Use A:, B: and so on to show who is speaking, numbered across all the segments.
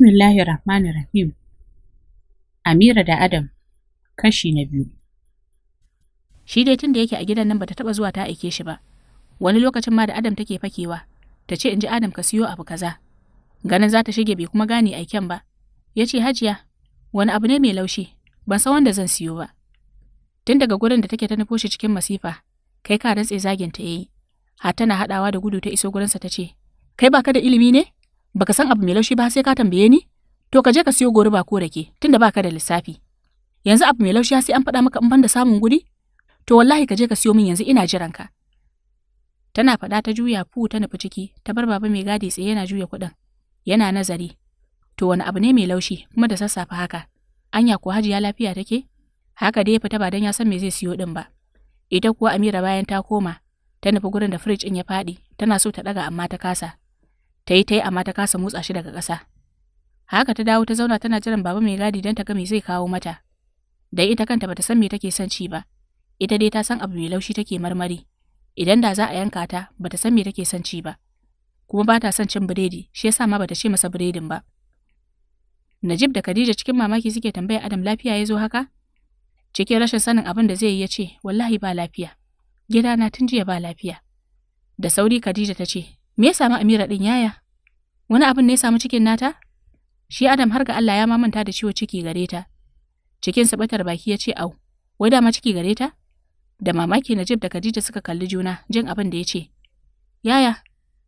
A: Bismillahir Rahmanir Rahim. Amira da Adam kashi na biyu. Shi dai tun da yake a gidan nan bata taba zuwa ta aike shi ba. Wani lokacin ma da Adam take fakewa, ta ce in ji Adam ka siyo abu kaza. Ganin za ta shige bai kuma gane aiken ba. Ya ce Hajiya, wani abu ne mai laushi, ban san wanda zan siyo ba. Tun daga gurin da take ta nufo shi cikin masifa, kai ka rantse zagin ta yayi. Har tana hadawa da gudu ta iso gurinsa ta ce, Kai baka da ilimi ne? Baka san abu mai laushi ba sai ka tambaye ni? To ka je ka siyo gori ba ko rake tunda baka da lissafi. Yanzu abu mai laushi sai an faɗa maka in ban samun guri? To wallahi ka je ka siyo min yanzu ina jiran ka. Tana faɗa ta juya fu ta nufi ciki ta bar baba mai gadi tsaye yana juya kuɗin. Yana nazari. To wani abu ne mai laushi kuma da sassafe haka. Anya ko hajiya lafiya take? Haka dai ya fita ba dan ya san me zai siyo ɗin ba. Ita kuwa Amira bayan ta koma ta nufi gurin da firij in ya faɗi tana so ta ɗaga amma ta kasa ta yi ta yi amma ta kasa motsa shi daga ƙasa. Haka ta dawo ta zauna tana jiran baba mai gadi don ta ga me zai kawo mata. Da ita kanta bata san me take son ci ba. Ita dai ta san abu mai laushi take marmari. Idan da za a yanka ta bata san me take son ci ba. Kuma ba ta son cin biredi, shi yasa ma bata ce masa biredin ba. Najib da Khadija cikin mamaki suke tambaya Adam lafiya ya zo haka? Cikin rashin sanin abin da zai yi ya ce, wallahi ba lafiya. Gidana tun jiya ba lafiya. Da sauri Khadija ta ce, me ya samu Amira din yaya? Wani abin ne ya samu cikin nata? Shi Adam har ga Allah ya mamanta da ciwo ciki gare ta. Cikin sabatar baki ya ce au, wai dama ciki gare ta? Da mamaki Najib da Khadija suka kalli juna jin abin da ya ce. Yaya,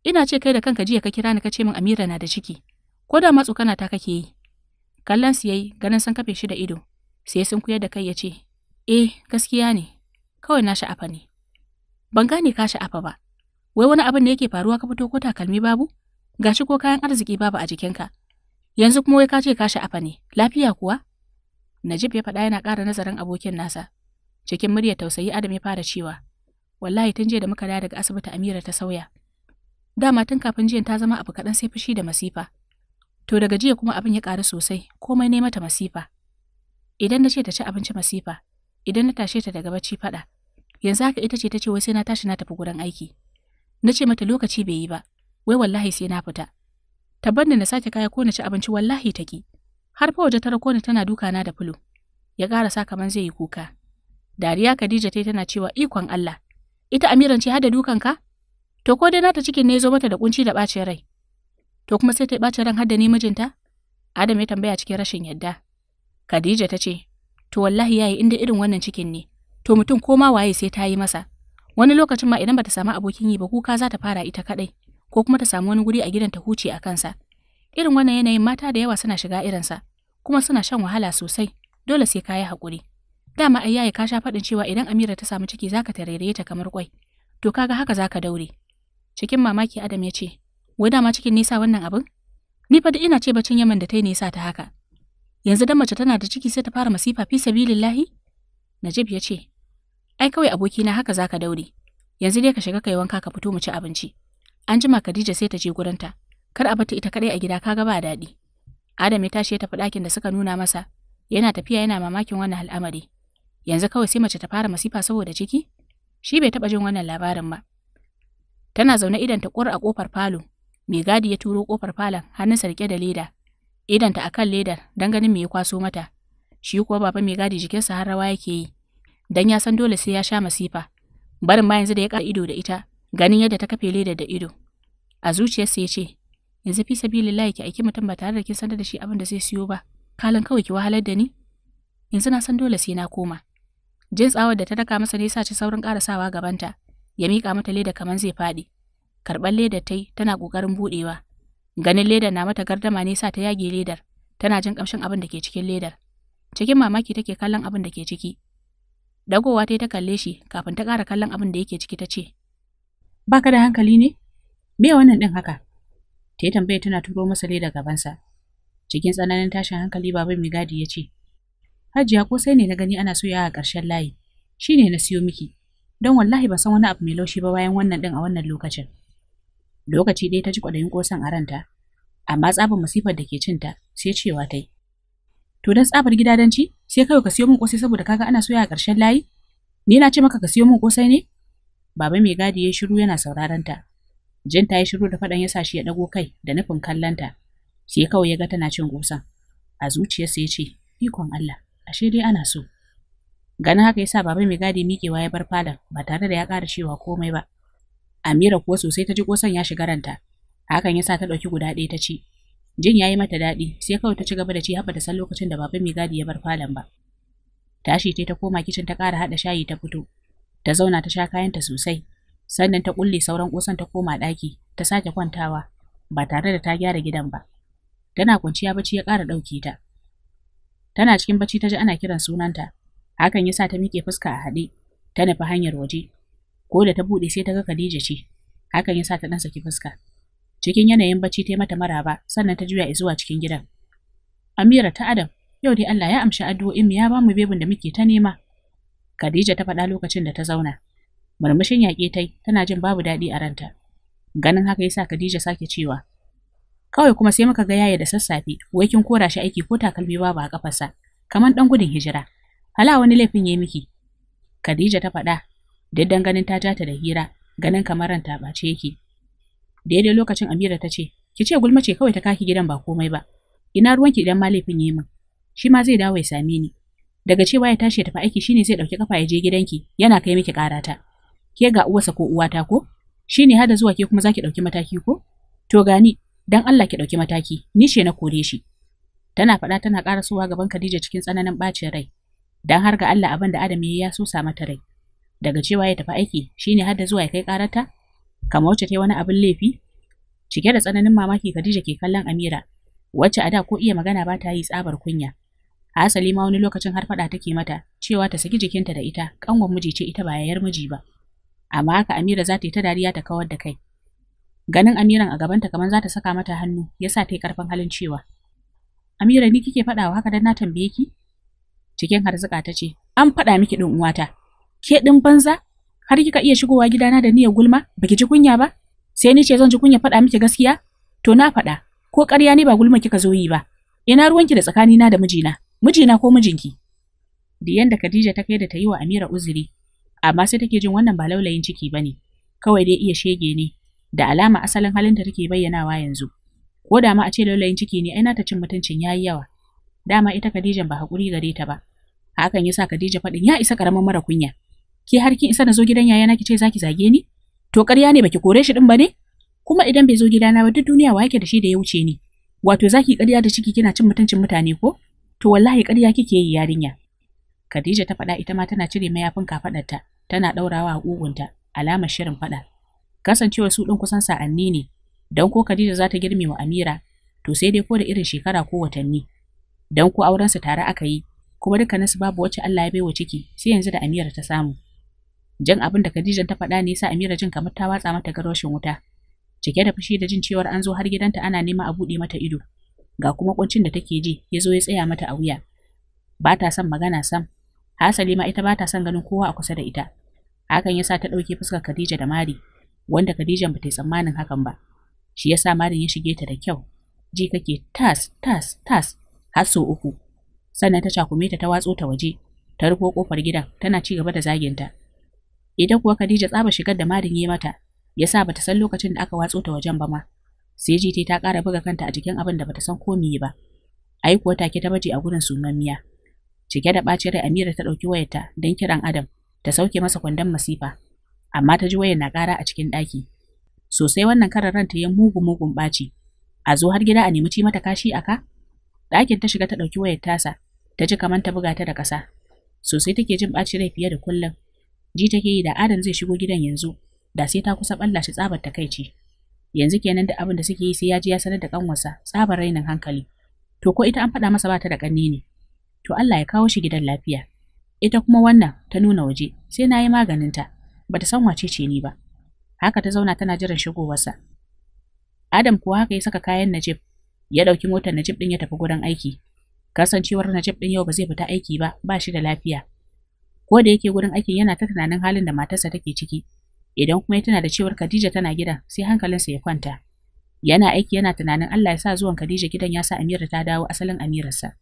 A: ina ce kai da kanka jiya ka kira ni ka ce min Amira na da ciki. Ko da matsu kana ta kake yi. Kallon su yayi ganin sun kafe shi da ido. Sai sun kuyar da kai ya ce, "Eh, gaskiya ne. Kawai na sha'afa ne." Ban gane ka sha'afa ba. Wai wani abin da yake faruwa ka fito ko takalmi babu? gashi ko kayan arziki babu a jikinka. Yanzu kuma wai ka ce ka sha'afa ne, lafiya kuwa? Najib ya faɗa yana ƙara nazarin abokin nasa. Cikin muryar tausayi Adam ya fara cewa, Wallahi tun jiya da muka dawo daga asibiti Amira ta sauya. Dama tun kafin jiyan ta zama abu kaɗan sai fushi da masifa. To daga jiya kuma abin ya ƙaru sosai, komai ne mata masifa. Idan na ce ta ci abinci masifa, idan na tashe ta daga bacci faɗa, yanzu haka ita ce ta ce wai sai na tashi na tafi gurin aiki. Na ce mata lokaci bai yi ba, wai wallahi sai na fita. da na sake kaya ko na ci abinci wallahi ta ki. Har fa waje ta rako ni tana duka na da fulo. Ya karasa kaman zai yi kuka. Dariya Khadija yi tana cewa ikon Allah. Ita Amiran ce hada dukan ka? To ko dai nata cikin ne zo mata da kunci da bacin rai. To kuma sai ta bace ran hada ni mijinta? Adam ya tambaya cikin rashin yadda. Khadija ta ce, To wallahi yayi inda irin wannan cikin ne. To mutum ko ma waye sai ta yi masa. Wani lokacin ma idan bata samu abokin yi ba kuka za ta fara ita kadai. ko kuma ta samu wani guri a gidan ta huce a kansa. Irin wannan yanayin mata da yawa suna shiga irinsa, kuma suna shan wahala sosai, dole sai ka yi haƙuri. Dama ai yayi ka sha faɗin cewa idan Amira ta samu ciki zaka tarairaye ta kamar kwai. To kaga haka zaka daure. Cikin mamaki Adam ya ce, "Wai dama cikin nisa wannan abin?" Ni fa da ina ce bacin Yaman da ta yi nisa ta haka. Yanzu dan mace tana da ciki sai ta fara masifa fi sabilillahi? Najib ya ce, "Ai kawai abokina haka zaka daure. Yanzu dai ka shiga kai wanka ka fito mu ci abinci." An jima Khadija sai ta je gurinta. Kar a bata ita kadai a gida kaga ba daɗi. Adam ya tashi ya tafi ɗakin da suka nuna masa. Yana tafiya yana mamakin wannan al'amari. Yanzu kawai sai mace ta fara masifa saboda ciki? Shi bai taɓa jin wannan labarin ba. Tana zaune idan ta ƙura a ƙofar falo. Mai gadi ya turo ƙofar falon hannunsa riƙe da leda. Idanta a kan ledar don ganin me ya kwaso mata. Shi kuwa baba mai gadi jikinsa har rawa yake yi. Dan ya san dole sai ya sha masifa. Barin ma yanzu da ya ƙara ido da ita ganin yadda ta kafe leda da ido a zuciyarsa ya ce yanzu fi sabilillahi ki aiki mutum ba tare da kin sanar da shi abin da zai siyo ba kalan kawai ki wahalar da ni yanzu na san dole sai na koma jin tsawar da ta daka masa ne sa ci saurin karasawa gabanta ya mika mata leda kamar zai faɗi karɓar leda tai tana ƙoƙarin buɗewa ganin leda na mata gardama ne sa ta yage ledar tana jin kamshin abin da ke cikin ledar cikin mamaki take kallon abin da ke ciki dagowa ta ta kalle shi kafin ta ƙara kallon abin da yake ciki ta ce Baka da hankali ne? Me wannan din haka? Ta yi tambaya tana turo masa gaban gabansa. Cikin tsananin tashin hankali baban Migadi ya ce, Hajiya ko sai ne na gani ana soya a ƙarshen layi, shi ne na siyo miki, don wallahi ban san wani abu mai laushi ba bayan wannan din a wannan lokacin. Lokaci ɗaya ta ji kwaɗayin ƙosan a ranta, amma tsabar masifar da ke cinta sai cewa ta yi. To don tsabar gidadanci sai kawai ka siyo min ƙosai saboda kaga ana soya a ƙarshen layi? Ni na ce maka ka siyo min ƙosai ne? Baba mai gadi ya shiru yana sauraron ta. Jin ta yi shiru da faɗan ya shi ya ɗago kai da nufin kallon ta. Sai kawai ya ga tana cin gusan. A zuciyarsa ya ce, Ikon Allah, ashe dai ana so. Ganin haka yasa baba mai gadi wa ya bar falon ba tare da ya ƙara cewa komai ba. Amira kuwa sosai ta ji kosan ya shiga ranta. Hakan yasa ta ɗauki guda ɗaya ta ci. Jin ya yi mata daɗi sai kawai ta ci gaba da ci haɓa da san lokacin da baba mai gadi ya bar falon ba. Tashi ta ta koma kicin ta kara haɗa shayi ta fito. ta zauna ta sha kayanta sosai sannan ta kulle sauran kusan ta koma ɗaki ta sake kwantawa ba tare da ta gyara gidan ba tana kwanciya bacci ya ƙara ɗauke ta tana cikin bacci ta ji ana kiran sunanta hakan yasa ta miƙe fuska a haɗe ta nufi hanyar waje ko da ta buɗe sai ta ga Khadija ce hakan yasa ta ɗan saki fuska cikin yanayin bacci ta yi mata maraba sannan ta juya zuwa cikin gidan Amira ta Adam yau dai Allah ya amshi addu'o'in mu ya bamu bebin da muke ta nema Khadija ta faɗa lokacin da ta zauna. Murmushin yaƙe ta tana jin babu daɗi a ranta. Ganin haka yasa Khadija sake cewa, Kawai kuma sai muka ga yaya da sassafe, wai kin kora shi aiki ko takalmi babu a kafarsa, kamar ɗan gudun hijira. Hala wani laifin yayi miki. Khadija ta faɗa, diddan ganin ta jata da hira, ganin kamar ranta ɓace yake. Daidai lokacin Amira ta ce, Ki ce gulma ce kawai ta kaki gidan ba komai ba. Ina ruwanki idan ma laifin yayi min. Shi ma zai dawo ya same ni. daga cewa ya tashi ya tafi aiki shine zai dauki kafa ya je gidanki yana kai miki karata ke ga uwarsa ko uwata ko shine hada zuwa ke kuma zaki dauki mataki ko to gani dan Allah ki dauki mataki ni she na kore shi tana faɗa tana karasowa gaban Khadija cikin tsananin bacin rai dan har ga Allah abin da Adam ya sosa mata rai daga cewa ya tafi aiki shine hada zuwa ya kai karata kamar wacce ta wani abin laifi cike da tsananin mamaki Khadija ke kallon Amira wacce a da ko iya magana ba ta yi tsabar kunya a asali ma wani lokacin har faɗa take mata cewa ta saki jikinta da ita kangon miji ce ita ba yayar miji ba amma haka Amira za ta yi ta dariya ta kawar da kai ganin Amiran a gabanta kamar za ta saka mata hannu yasa ta yi karfin halin cewa Amira ni kike faɗawa haka dan na tambaye ki cikin harzuka ta ce an faɗa miki din uwata ke din banza har kika iya shigowa gidana da niyyar gulma baki ji kunya ba sai ni ce zan ji kunya faɗa miki gaskiya to na faɗa ko ƙarya ne ba gulma kika zo yi ba ina ruwanki da tsakanina da mijina mijina ko mijinki da yanda Khadija ta kai da ta yi wa Amira uzuri amma sai take jin wannan ba laulayin ciki bane kawai dai iya shege ne da alama asalin halin da take bayyanawa yanzu ko da ma a ce laulayin ciki ne ai ta cin mutuncin yayi yawa dama ita Khadijan ba hakuri gare ta ba hakan yasa Khadija faɗin ya isa karamin mara kunya ki har kin isa na zo gidan yayana ki ce zaki zage ni to ƙarya ne baki kore shi din bane kuma idan bai zo gidana ba duk duniya wa yake da shi da ya wuce ni wato zaki ƙarya da ciki kina cin mutuncin mutane ko to wallahi ƙarya kike yi yarinya. Khadija ta faɗa ita ma tana cire mayafin ta tana ɗaurawa a ƙugunta, alamar shirin faɗa. Kasancewa su ɗin kusan sa'anni ne, don ko Khadija za ta girme wa Amira, to sai dai ko da irin shekara ko watanni. Don ko aurensu tare aka yi, kuma su babu wacce Allah ya baiwa ciki, sai yanzu da Amira ta samu. Jan abin da Khadija ta faɗa ne yasa Amira jin kamar ta watsa mata garoshin wuta. Cike da fushi da jin cewar an zo har gidanta ana nema a buɗe mata ido. ga kuma kuncin da take ji ya zo ya tsaya mata a wuya ba ta son magana sam hasali ma ita ba ta son ganin kowa a kusa da ita hakan yasa ta ɗauke fuskar Khadija da Mari wanda Khadijan ba ta tsammanin hakan ba shi yasa Marin ya shige ta da kyau ji kake tas tas tas har sau uku sannan ta cakume ta ta watso ta waje ta rufo kofar gidan tana ci gaba da zaginta idan kuwa Khadija tsaba shigar da Marin ya mata yasa bata san lokacin da aka watso ta wajen ba ma CGT ta ƙara buga kanta a cikin abin da bata san ko meye ba. Ai kuwa take ta baje a gurin sunanmiya. Cike da ɓacin rai Amira ta dauki wayarta don kiran Adam ta sauke masa kwandon masifa. Amma ta ji wayar na kara a cikin ɗaki. Sosai wannan karan ta ya mugu mugun ɓaci. A zo har gida a nemi ci mata kashi a ka? Ɗakin ta shiga ta ɗauki wayar tasa ta ji kamar ta buga ta da ƙasa. Sosai take jin ɓacin rai fiye da kullum. Ji take yi da Adam zai shigo gidan yanzu da sai ta kusa ɓalla shi tsabar takaici. yanzu kenan da abin da suke yi sai ya ji ya sanar da kanwarsa tsabar rainin hankali to ko ita an faɗa masa ba ta da ƙanne ne to Allah ya kawo shi gidan lafiya ita kuma wannan ta nuna waje sai na yi maganinta Bata san wace ce ni ba haka ta zauna tana jiran shigowarsa Adam kuwa haka ya saka kayan Najib ya ɗauki motar Najib din ya tafi gurin aiki kasancewar Najib din yau ba zai fita aiki ba ba shi da lafiya ko da yake gurin aikin yana ta tunanin halin da matarsa take ciki idan kuma ya tana da cewar Khadija tana gida sai hankalinsa ya kwanta yana aiki yana tunanin Allah ya sa zuwan Khadija gidan ya sa Amira ta dawo asalin Amirarsa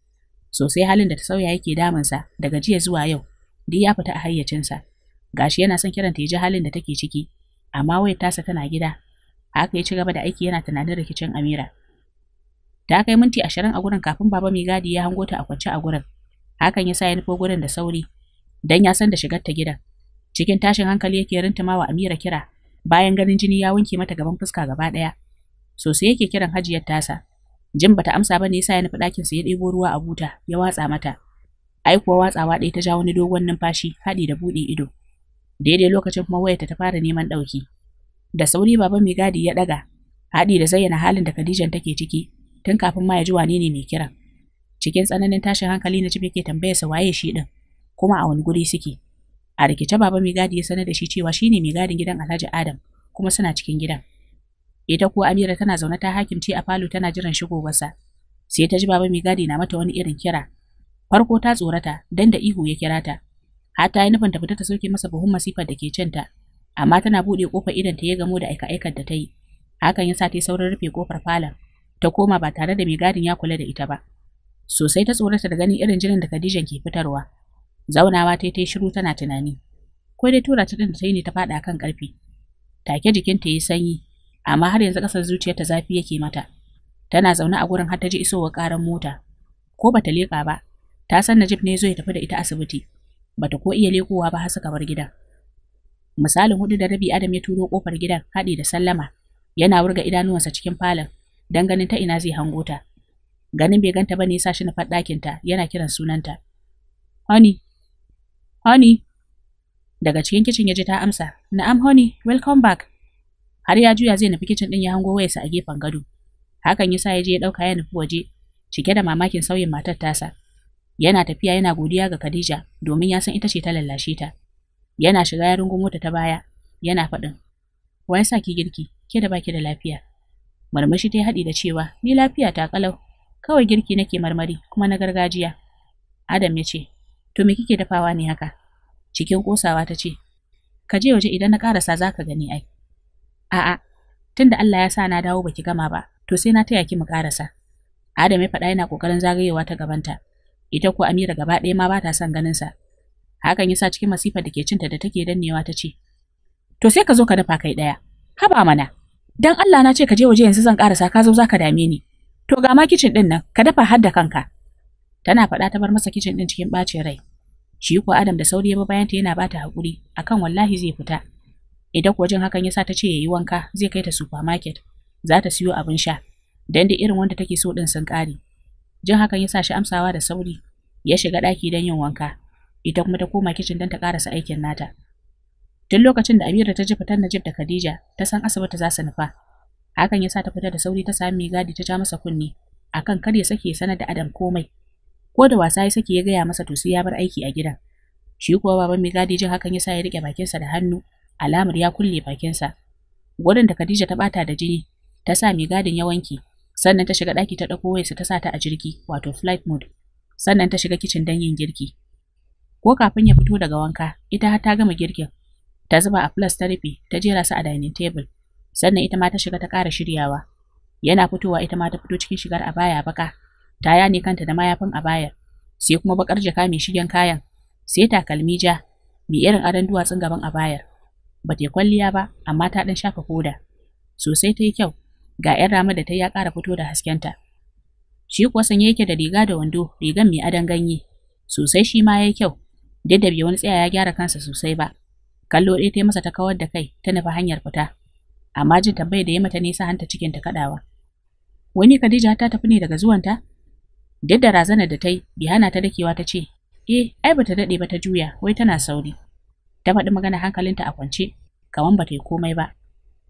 A: sosai halin da ta sauya yake damunsa daga jiya zuwa yau duk ya fita a hayyacinsa gashi yana son kiranta ya ji halin da take ciki amma wayar tasa tana gida haka ya ci gaba da aiki yana tunanin rikicin Amira ta kai minti ashirin a gurin kafin baba mai gadi ya hango ta a kwance a gurin hakan ya sa ya nufo gurin da sauri dan ya san da shigar ta gidan cikin tashin hankali yake rintuma wa Amira kira bayan ganin jini ya wanke mata gaban fuska gaba ɗaya. Sosai yake kiran hajiyar tasa. Jin bata amsa ba ne yasa ya nufi ɗakin sa ya ɗebo ruwa a buta ya watsa mata. Ai kuwa watsawa ɗaya ta ja wani dogon numfashi haɗi da buɗe ido. Daidai lokacin kuma wayarta ta fara neman ɗauki. Da sauri baba mai gadi ya ɗaga haɗi da zayyana halin da Khadijan take ciki tun kafin ma ya ji wane ne mai kiran. Cikin tsananin tashin hankali na cibi ke tambayarsa waye shi ɗin kuma a wani guri suke. A rikice baba mai gadi ya sanar da shi cewa shine mai gadin gidan Alhaji Adam kuma suna cikin gidan. Ita kuwa Amira tana zaune ta hakimce a falo tana jiran sa Sai ta ji baba mai gadi na mata wani irin kira. Farko ta tsorata dan da ihu ya kira ta. Har ta yi nufin ta fita ta soke masa buhun masifar da ke ta. Amma tana buɗe kofar idan ta ya gamo da aika-aikar da ta yi. Hakan ya sa ta yi saurin rufe kofar falon. Ta koma ba tare da mai gadin ya kula da ita ba. Sosai ta tsorata da ganin irin jinin da Khadijan ke fitarwa. Zaunawa ta yi ta shiru tana tunani. Ko dai tura ta ɗin da ta yi ne ta faɗa kan ƙarfi. Take jikinta ya yi sanyi, amma har yanzu ƙasar ta zafi yake mata. Tana zaune a gurin har ta ji isowa ƙaran mota. Ko ba ta leƙa ba, ta san Najib ne zo ya tafi da ita asibiti. Bata ko iya leƙowa ba har suka bar gidan. misalin hudu da rabi Adam ya turo kofar gidan haɗi da sallama yana wurga idanuwansa cikin falon dan ganin ta ina zai hango ta ganin bai ganta bane ya sa shi na ɗakin ta yana kiran sunanta honey Honey, daga cikin kicin ya ji ta amsa, Na'am honey, welcome back. Har ya juya zai nufi kicin ɗin ya hango wayarsa a gefen gado. Hakan ya sa ya je ya ɗauka ya nufi waje, cike da mamakin sauyin matar tasa. Yana tafiya yana godiya ga Khadija domin ya san ita ce ta lallashe ta. Yana shiga ya rungu mota ta baya, yana faɗin. Wa ya sa ki girki, ke da baki da lafiya. Marmashi ta haɗi da cewa, ni lafiya ta ƙalau, kawai girki nake marmari kuma na gargajiya. Adam ya ce, To me kike dafawa ne haka? Cikin kosawa ta ce, Ka je waje idan na karasa za ka gani ai. A'a, tunda Allah ya sa na dawo baki gama ba, to sai na taya ki mu karasa. Adam ya faɗa yana ƙoƙarin zagayewa ta gabanta. Ita ko Amira gaba ɗaya ma ba ta son sa Hakan ya sa cikin masifar da ke cinta da take dannewa ta ce, To sai ka zo ka dafa kai ɗaya, haba mana. Dan Allah na ce ka je waje yanzu zan karasa ka zo za ka dame ni. To ga ma kicin ɗin nan, ka dafa har da kanka. Tana faɗa ta bar masa kicin ɗin cikin ɓacin rai. Shi ko Adam da sauri ya bi bayanta yana bata hakuri akan wallahi zai fita. Idan kuwa jin hakan sa ta ce ya yi wanka zai kai ta supermarket za ta siyo abin sha dan da irin wanda take so din sun kare. Jin hakan yasa shi amsawa da sauri ya shiga ɗaki don yin wanka ita kuma ta koma kicin don ta karasa aikin nata. Tun lokacin da Amira ta ji fitar Najib da Khadija ta san asibiti za su nufa. Hakan yasa ta fita da sauri ta sami gadi ta ja masa kunni akan kar ya sake sanar da Adam komai ko da wasa ya saki ya gaya masa to sai ya bar aiki a gidan shi kuwa baban mai gadi jin hakan yasa ya rike bakinsa da hannu alamar ya kulle bakinsa gwadon da Khadija ta bata da jini ta sa mai gadin ya wanke sannan ta shiga daki ta ɗauko wayarsa ta sa ta a jirgi wato flight mode sannan ta shiga kicin dan yin girki ko kafin ya fito daga wanka ita har ta gama girkin ta zuba a plus ta rufe ta jera su a dining table sannan ita ma ta shiga ta ƙara shiryawa yana fitowa ita ma ta fito cikin shigar a baya baka taya ne kanta da mayafin a baya, sai kuma bakar jaka mai shigen kayan, sai takalmi ja, mai irin adon duwatsun gaban a bayar. Ba ta kwalliya ba, amma ta ɗan shafa koda. Sosai ta yi kyau, ga 'yan rama da ta ya kara fito da haskenta. Shi kuwa sanye yake da riga da wando, rigan mai adon ganye. Sosai shi ma ya kyau, duk da bai wani tsaya ya gyara kansa sosai ba. Kallo ɗaya ta yi masa ta kawar da kai, ta nufi hanyar fita. Amma jin tambayar da ya mata nesa hanta cikin ta kaɗawa. Wani kadija ta tafi ne daga zuwanta? Duk da razanar da ta yi, Bihana hana ta dakewa ta ce, "Eh, ai bata daɗe ba ta juya, wai tana sauri." Ta faɗi magana hankalinta a kwance, kaman ta yi komai ba.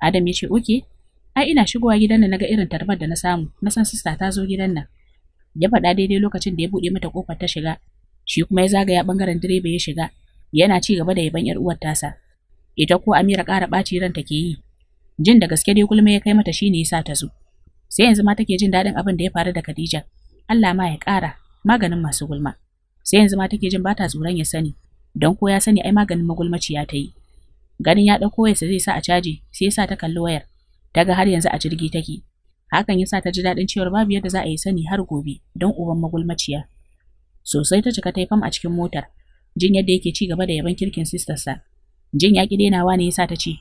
A: Adam ya ce, "Oke, ai ina shigowa gidan nan naga irin tarbar da na samu, na san sista ta zo gidan nan." Ya faɗa daidai lokacin da ya buɗe mata kofar ta shiga, shi kuma ya zagaya bangaren direba ya shiga, yana ci gaba da yaban 'yar uwar tasa. Ita ko Amira ƙara ɓaci ranta ke yi, jin da gaske dai gulma ya kai mata shine yasa ta zo. Sai yanzu ma take jin daɗin abin da ya faru da Khadija. Allah ma ya ƙara maganin masu gulma sai yanzu ma take jin bata tsoron ya sani don ko ya sani ai maganin magulmaci ya ta yi ganin ya ɗauko wayarsa zai sa a caji sai ya sa ta kalli wayar ta ga har yanzu a jirgi take hakan ya sa ta ji daɗin cewar babu yadda za a yi sani har gobe don uban magulmaciya sosai ta cika ta fam a cikin motar jin yadda yake ci gaba da yaban kirkin sistarsa jin ya ƙi dainawa ne ya sa ta ce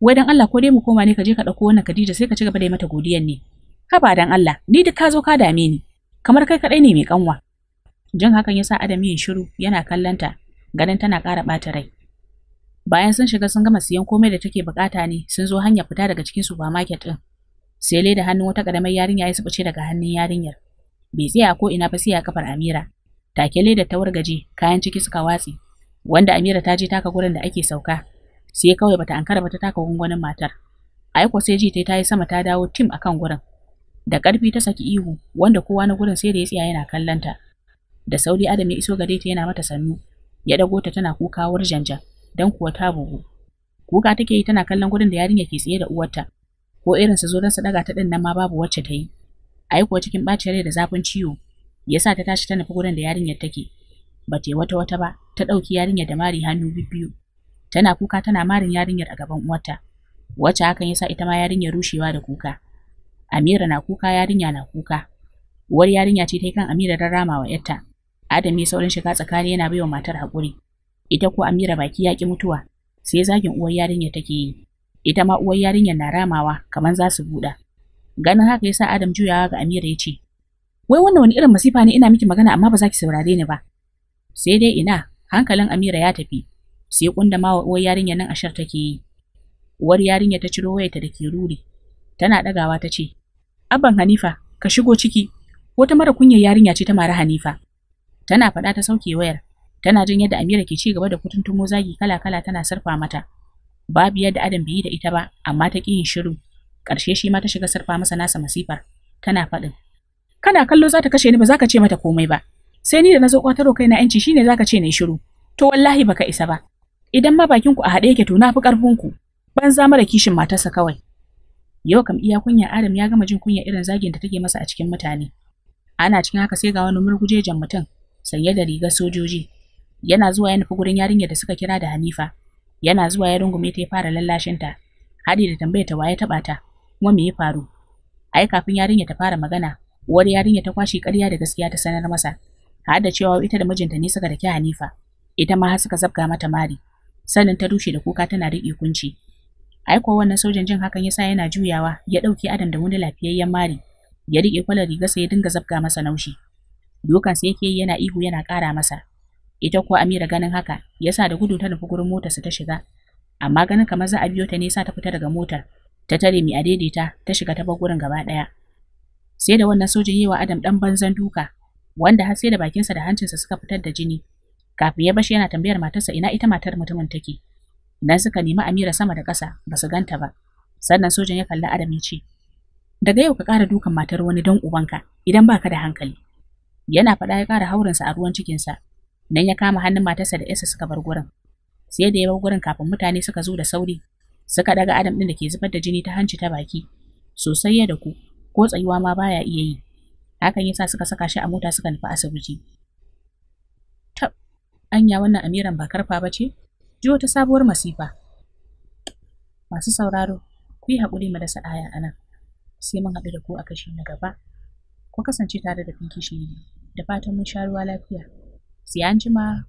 A: wai dan Allah ko dai mu koma ne kaje ka ɗauko wannan Khadija sai ka ci gaba da yi mata godiyan ne haba dan Allah ni duk ka zo ka dame ni kamar kai kaɗai ne mai kanwa jin hakan ya sa adam yin shiru yana kallanta ganin tana ƙara ɓata rai bayan sun shiga sun gama siyan komai da take bukata ne sun zo hanyar fita daga cikin supermarket din sai da hannun wata karamar yarinya ya subuce daga hannun yarinyar bai tsaya ko ina ba sai ya kafar amira take leda ta wargaje kayan ciki suka watse wanda amira ta je taka gurin da ake sauka sai kawai bata ankara bata taka gungunin matar aiko sai ji ta yi sama ta dawo tim akan gurin Da ƙarfi ta saki ihu, wanda kowa na gurin sai da ya tsaya yana kallonta. Da sauri Adam ya iso gare ta yana mata sannu, ya dago ta tana kuka janja dan kuwa ta bugu. Kuka take yi tana kallon gurin da yarinya ke tsaye da uwarta, ko irin su zo dan su daga ta din nan ma babu wacce ta yi. Ayi kuwa cikin bacin rai da zafin ciwo, yasa ta tashi ta nufi gurin da yarinyar take. Ba ta wata wata ba, ta ɗauki yarinyar da mari hannu biyu. Tana kuka tana marin yarinyar a gaban uwarta. wacce hakan yasa ita ma yarinyar rushewa da kuka. Amira na kuka yarinya na kuka. Uwar yarinya ce ta yi kan Amira dan rama wa ‘yarta. Adam ya saurin shiga tsakani yana baiwa matar hakuri Ita ko Amira baki ya mutuwa, sai zagin uwar yarinyar take yi. Ita ma uwar yarinyar na ramawa kamar za su buɗa. Ganin haka yasa Adam juyawa ga Amira ya ce, Wai wannan wani irin masifa ne ina miki magana amma ba za ki saurare ni ba. Sai dai ina, hankalin Amira ya tafi, sai kunda ma uwar yarinyar nan ashar take yi. Uwar yarinya ta ciro wayarta da ke ruri. Tana dagawa ta ce, Abban Hanifa, ka shigo ciki. Wata mara kunya yarinya ce ta mara Hanifa. Tana faɗa ta sauke wayar. Tana jin yadda Amira ke ci gaba da kutuntumo zagi kala-kala tana sarfa mata. Babu yadda Adam bai yi da ita ba, amma ta ƙi yin shiru. Ƙarshe shi ma ta shiga sarfa masa nasa masifar. Tana faɗin. Kana kallo za ta kashe ni ba za ka ce mata komai ba. Sai ni da na zo ƙwatarwa kaina ‘yanci shine za ka ce yi shiru. To wallahi baka isa ba. Idan ma bakinku a haɗe yake to na fi ƙarfinku. za mara kishin matarsa kawai. Yau kam iya kunya Adam ya gama jin kunya irin zagin da take masa a cikin mutane. Ana cikin haka sai ga wani murgujejen mutum sanye da rigar sojoji. Yana zuwa ya nufi gurin yarinyar da suka kira da Hanifa. Yana zuwa ya rungume ta ya fara lallashin ta Hadi da tambaya ta waye taɓa ta kuma me ya faru? Ai kafin yarinya ta fara magana, uwar yarinyar ta kwashe ƙarya da gaskiya ta sanar masa. Har da cewa ita da mijinta ne suka daki Hanifa. Ita ma har suka zabga mata mari. Sanin ta rushe da kuka tana da kunci. ai ko wannan sojan jin hakan yasa yana juyawa ya dauke adam da wani lafiyayyen mari ya rike kwalar sai ya dinga zabga masa naushi dukan sai yake yana ihu yana kara masa ita ko Amira ganin haka yasa da gudu ta nufi gurin motarsa ta shiga amma ganin kamar za a biyo ta ne sa ta fita daga motar ta tare mi a daidaita ta shiga ta gurin gaba daya sai da wannan sojan yewa Adam dan banzan duka wanda har sai da bakinsa da hancinsa suka fitar da jini kafin ya bashi yana tambayar matarsa ina ita matar mutumin take Nan suka nemi Amira sama da ƙasa ba su ganta ba. Sannan sojan ya kalli Adam ya ce, Daga yau ka ƙara dukan matar wani don ubanka idan ba ka da hankali. Yana faɗa ya ƙara haurinsa a ruwan cikinsa. Nan ya kama hannun matarsa da yasa suka bar gurin. Sai da ya bar gurin kafin mutane suka zo da sauri. Suka daga Adam ɗin da ke zubar da jini ta hanci ta baki. Sosai ya da ku, ko tsayuwa ma baya iya yi. Hakan yasa suka saka shi a mota suka nufi asibiti. ta anya wannan amiran ba karfa ba ce? ji wata sabuwar masifa. Masu sauraro, ku yi haƙuri mu dasa aya a nan, sai mun haɗu da ku a kashi na gaba. Ku kasance tare da Pinky Shiri, da fatan mun sha ruwa lafiya. Sai an jima.